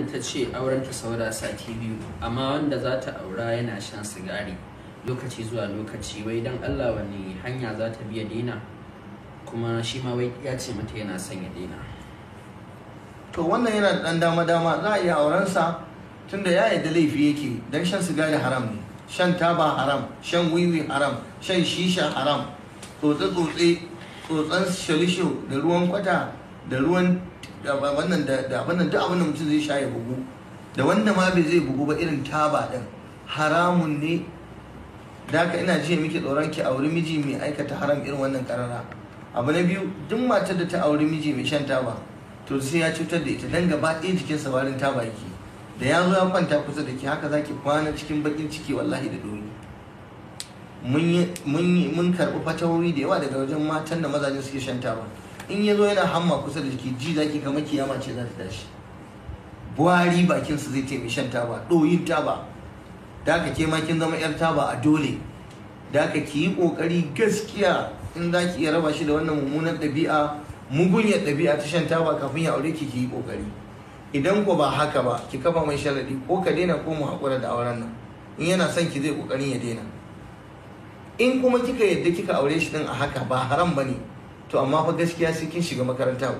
wannan ta ce aurenta saura sati biyu amma wanda za ta aura yana shan sigari lokaci zuwa lokaci wai don allah wani hanya za ta biya dina? kuma shi ma wai ya ce mata yana son ya daina to wannan yana dan dama dama za a iya aurensa tunda ya da laifi yake don shan sigari haram ne shan taba haram shan wiwi haram shan shisha haram tsotse-tsotse tsotsen shalisho da ruwan kwata da ruwan wannan da abin duk abin da mutum zai sha ya bugu da wanda ma bai zai bugu ba irin taba din haramun ne da haka ina jiya miki tsoron ki auri miji mai aikata haram irin wannan karara abu na biyu duk matar da ta auri miji mai shan taba to sai ya cutar da ita dan gaba ɗaya jikin sabarin taba yake da ya zo ya kwanta kusa da ke, haka zaki kwana cikin bakin ciki wallahi da domi mun karɓi fatawoyi da yawa daga wajen matan da mazajen suke shan taba in ya zo yana hamma kusa da jiki ji zaki kamar kiyama ce za ta tashi buhari su zai taimi shan taba ɗoyin taba da aka ke makin zama yar taba a dole da aka ki yi ƙoƙari gaskiya in za ki iya raba shi da wannan mummunan ɗabi'a ya ɗabi'a ta shan taba kafin ya aure ki ki yi ƙoƙari idan ko ba haka ba ki kafa mai sharaɗi ko ka daina ko mu haƙura da auren nan in yana son ki zai ƙoƙarin ya daina in kuma kika yadda kika aure shi din a haka ba haram ba ne to amma fa gaskiya sai kin shiga makaranta a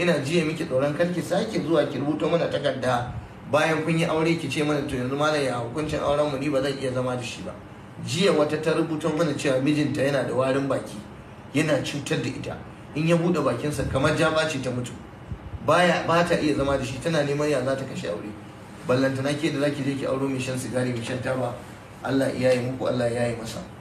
ina jiya miki tsoron kar ki sake zuwa ki rubuto mana takarda bayan kun yi aure ki ce mana to yanzu malam ya hukuncin auren mu ni ba zan iya zama da shi ba jiya wata ta rubuta mana cewa mijinta yana da warin baki yana cutar da ita in ya bude bakinsa kamar jaba ce ta mutu baya ba ta iya zama da shi tana neman ya za ta kashe aure ballantana ke da zaki je ki auro mai shan sigari mai shan taba Allah iyaye muku Allah iyaye masa